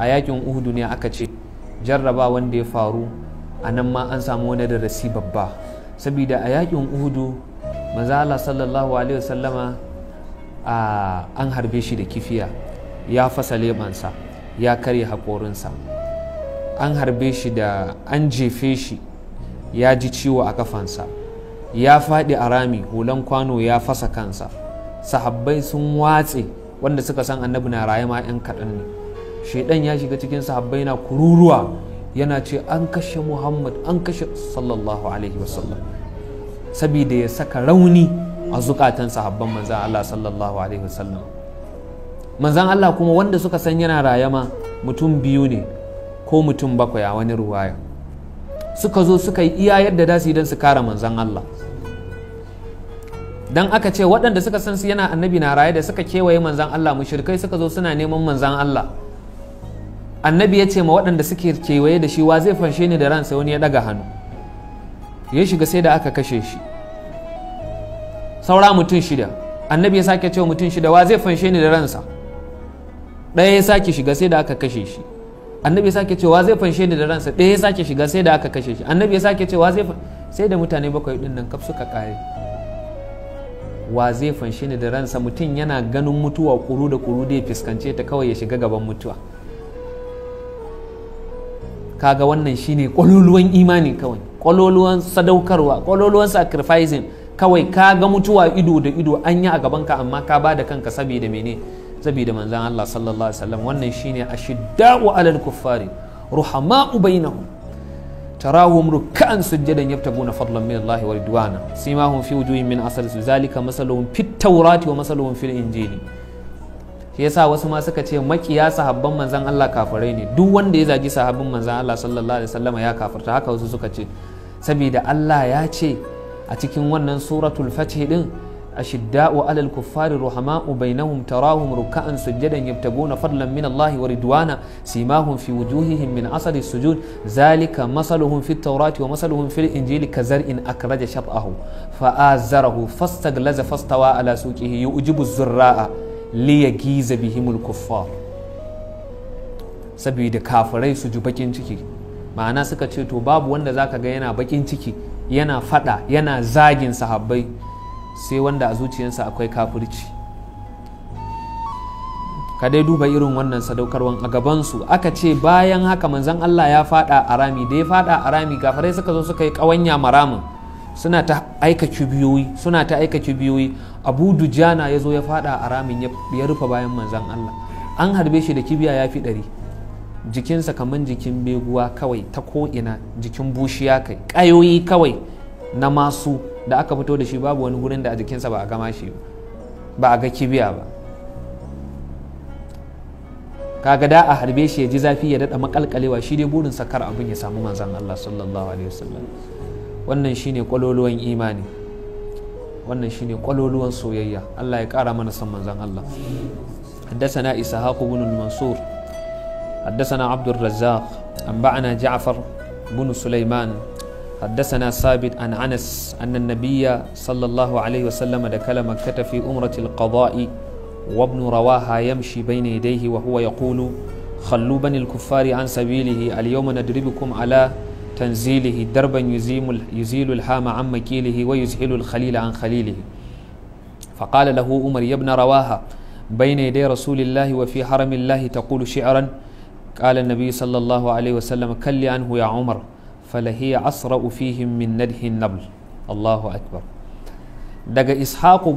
a yakin uhudu ne aka ce jarraba wanda ya faru a nan ma an samu wani darasi babba saboda a yakin uhudu mazala sallallahu alaihi wasallama an harbe shi da kifiya ya fasa lebansa ya karya haƙorinsa an harbe shi da an jefe shi ya ji ciwo a kafansa ya faɗi a rami hulan kwano ya fasa kansa sahabbai sun watse wanda suka san annabi na raye ma 'yan kaɗan ne shaidan ya shiga cikin sahabbai na kururuwa yana ce an kashe muhammad an kashe sallallahu alaihi wasallam saboda ya saka rauni a zukatan sahabban manzan allah sallallahu alaihi wasallam manzan allah kuma wanda suka san yana rayama mutum biyu ne ko mutum bakwai a wani ruwaya suka zo suka yi iya yadda da su su kara manzan allah dan aka ce waɗanda suka san su yana annabi na raye da suka kewaye manzan allah mushrikai suka zo suna neman manzan allah annabi ya ce ma waɗanda suke kewaye da shi wa zai fanshe ni da ransa wani ya ɗaga hannu ya shiga sai da aka kashe shi saura mutum shida annabi ya sake cewa mutum shida wa zai fanshe ni da ransa ɗaya ya sake shiga sai da aka kashe shi annabi ya sake cewa zai fanshe ni da ransa ɗaya ya sake shiga sai da aka kashe shi annabi ya sake cewa zai sai da mutane bakwai ɗin nan kaf suka kare wa zai fanshe ni da ransa mutum yana ganin mutuwa kuru da kuru da ya fuskance ta kawai ya shiga gaban mutuwa kaga wannan shine kwaloluwan imani kawai kwaloluwan sadaukarwa kwaloluwan sacrificing kawai ka ga mutuwa ido da ido an yi a gabanka amma ka ba da kanka saboda mene saboda manzan Allah sallallahu alaihi wasallam wannan shine ashidda'u alal kuffari ruhama'u bainahum تراهم ركعا سجدا يبتغون فضلا من الله ورضوانا سيماهم في وجوههم من zalika ذلك مثلهم في التوراة ومثلهم في الانجيل shi yasa wasu ma suka ce makiya sahabban manzan Allah kafirai ne duk wanda ya zagi sahabban manzan Allah sallallahu alaihi wasallama ya kafirta haka wasu suka ce saboda Allah ya ce a cikin wannan suratul fatih din ashidda'u alal kuffari ruhama'u bainahum tarahum ruk'an sujadan yabtaguna fadlan min Allah wa ridwana simahum fi wujuhihim min asari sujud zalika masaluhum fit tawrati wa masaluhum fil injili kazar'in akraja shabahu fa'azarahu fastaglaza fastawa ala suqihi yujibu zurra'a liyagiza bihimul kuffar saboda kafirai su ji bakin ciki ma'ana suka ce to babu wanda zaka ga yana bakin ciki yana fada yana zagin sahabbai sai wanda a zuciyarsa akwai kafirci ka dai duba irin wannan sadaukarwan a gabansu aka ce bayan haka manzon Allah ya fada a rami da ya fada a rami kafirai suka zo suka yi kawanya maramin suna ta aika kibiyoyi suna ta aika kibiyoyi abu dujana ya zo ya fada a ramin ya rufe bayan manzan allah an harbe shi da kibiya ya fi ɗari jikinsa kamar jikin beguwa kawai ta ko'ina jikin bushiya kai ƙayoyi kawai na masu da aka fito da shi babu wani gurin da a jikinsa ba a gama shi ba a ga kibiya ba kaga da a harbe shi ya ji zafi ya daɗa makalkalewa shi dai burin sakar abin ya samu manzan allah sallallahu alaihi wasallam wannan shine kwaloluwan imani wannan soyayya Allah ya kara mana san manzon Allah haddathana ishaq ibn al-mansur haddathana abd al ja'far ibn sulaiman Haddasana sabit an anas anna nabiyya sallallahu alayhi wa sallam da kala makka fi umratil qada'i wa ibn rawaha yamshi bayna yadayhi wa huwa yaqulu khallu bani kuffari an sabilihi al-yawma nadribukum ala tanzilihi darban yuzilu alhama an makilihi wa yuzhilu alkhalila an khalilihi faqala lahu umar yabna rawaha bayna dai rasulillahi wa fi haramillahi taqulu shi'ran qala an-nabi sallallahu alaihi wa kalli anhu ya umar falahiya asra'u fihim min nadhi an-nabl Allahu akbar daga ishaku